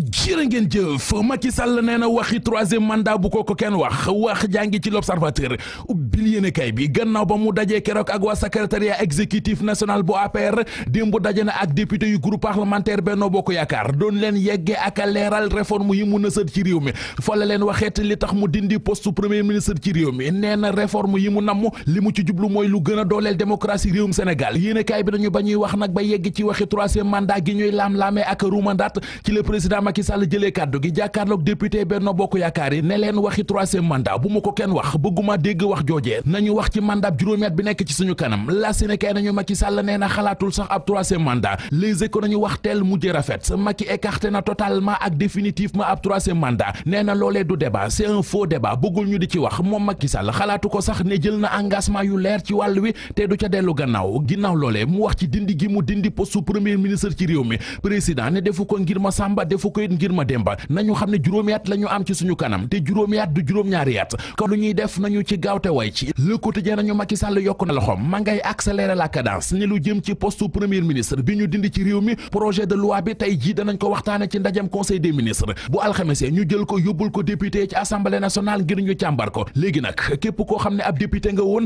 jërë ngeen jëf Macky Sall nee na waxi troisième mandat bu ko ko kenn wax wax jàngi ci l'observateur ubbil yéene kay bi gannaaw ba mu dajee keroog ak waa secrétariat exécutif national bu APR démb daje na ak député yu groupe parlementaire Benno Bokk Yaakaar doon leen yeggee ak a leeral réforme yi mu nësër ci réew mi fa leen waxeet li tax mu dindi poste premier ministre ci réew mi nee na yi mu namm li mu ci jublu mooy lu gën dooleel démocratie ba ñuy wax Macky Sall jëlee kàddu gi jàkkaarloog député Benno Bokk Yaakaar yi ne leen waxi troisième mandat bu ma ko kenn wax bëgguma dégg wax joojee nañu wax ci mandat juróomi at bi nekk ci suñu kanam la si ne kay nañu Macky Sall nee na xalaatul sax ab troisième mandat les éco nañu wax teel mujj rafet Macky écarté na totalement ak définitivement ab troisième mandat nee loolee du débat c'est un faux débat bëggul ñu di ci wax moom Macky Sall xalaatu ko sax ne jël na engagement yu leer ci wàll wi te du ca dellu gannaaw ginnaaw loolee wax ci dindi gi mu dindi poste su premier ministre ci réew mi ko it ngir ma demba nañu xam ne juróomi at am ci suñu kanam te juróomi du juróom-ñaari at lu ñuy def nañu ci gaawte way ci le quotidien nañu Macky Sall yokk na loxoom ma ngay accélérer la cadence ne lu jëm ci poste premier ministre bi ñu dindi ci réew mi projet de loi bi tey jii danañ ko waxtaane ci ndajam conseil des ministres bu alxamesee ñu jël ko yóbbul ko député ci assemblée nationale ngir ñu càmbar ko léegi nag képp koo xam ne ab député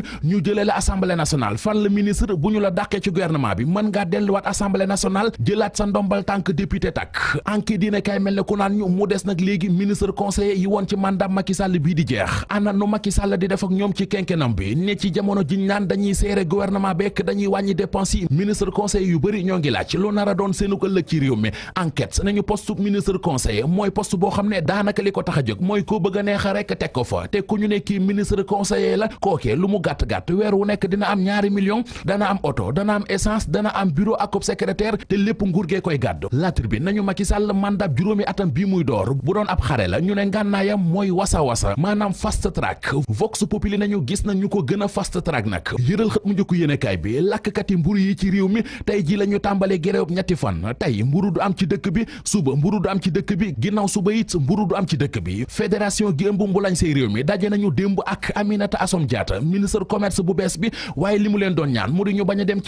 kaay mel ne ku naan ñu mu des nag léegi ministre conseiller yi woon ci mandat Macky Sall di jeex ana nu Macky Sall di def ak ñoom ci kenkenam bi ne ci jamono jiñ naan dañuy seere gouvernement bekk dañuy wàññi dépense yi ministre conseiller yu bëri ñoo ngi laaj lu nar a doon seenu ëllëg ci réew mi enquête nañu poste ministre conseiller mooy poste boo xam ne daanaka li ko tax a jóg mooy koo bëgg a neexa rek teg ko fa te ku ñu ne kii ministre conseiller la kookee lu mu gàtt-gàtt weer wu nekk dina am ñaari million dana am oto dana am essence dana am bureau lépp nguur gee koy gàddu mandat juróomi atam bii muy door bu doon ab xare la ñu ne ngànnaayam mooy wasa wasa maanaam fast track vox populi nañu gis nañ ñu ko gën a fast track nag yëral xët mu njëkku yéenekaay bi lakkati mburu yi ci réew mi tey ji la ñu tàmbalee géréwob ñetti fan tey mburu du am ci dëkk bi suba mburu du am ci dëkk bi ginnaaw suba it mburu du am ci dëkk bi fédération gi ëmb mbulañ say réew mi daje nañu démb ak Aminata Assome Diatta ministre commerce bu bees bi waaye li mu leen doon ñaan mu di ñu a dem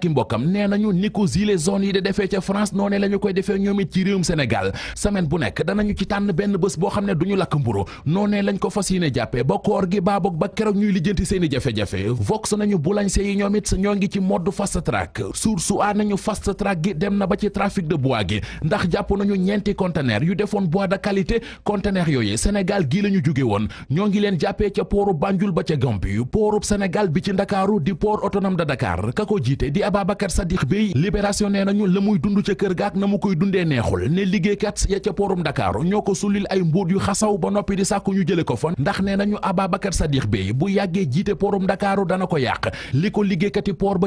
i mbokkam nee nañu ni ko zile zone ca France noonee la koy defee ñoom it ci réewum Sénégal semaine bu nekk danañu ci tànn benn bés boo xam ne du ñu lakk mburu noonee lañ ko fas yéene jàppee ba koor gi baaboog ba keroog ñuy lijjanti seen i jafe-jafe vox nañu boulanger yi ñoom sa ñoo ngi ci mode fast track source a nañu fast track gi dem na ba ci trafic de bois gi ndax jàpp nañu ñeenti conteneur yu defoon bois de qualité conteneur yooyu Sénégal gii la ñu jóge woon ñoo ngi leen jàppee ca pooru Banjul ba ca Gambie pooru Sénégal bi ci Ndakaaru di port autonome de Dakar ka ko jiite di Ababacar Sadikh Bey libération nee nañu dund ca kër gaak na mu koy dundee neexul ne liggéeykat ya ca porum Dakar ñoo ko sulil ay mbóot yu xasaw ba noppi di sàkku ñu jële ko fa ndax ne nañu Ababacar Sadikh Bèye bu yàggee jiite porum ba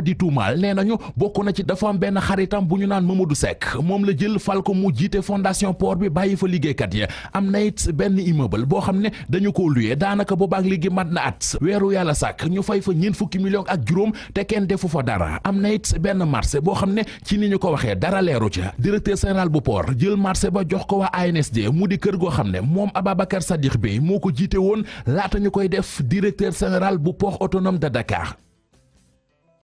di tuumaal nee nañu bokk na ci dafa am benn xaritam bu ñu naan Mamadou Seck moom la jël fal ko mu jiite fondation port bi bàyyi fa liggéeykat ya am na it benn immeuble boo xam ne dañu ko luyee daanaka boobaak léegi mat na at weeru yàlla sàkk ñu fay fa ñeent fukki million ak juróom te kenn na it benn marché boo xam ne dara leeru ca directeur général bu port jël marché ba jox ko waa ANSD mu di kër goo xam ne moom Ababacar Sadikh Bèye moo ko jiite woon laata ñu koy def directeur général bu port otonom de Dakar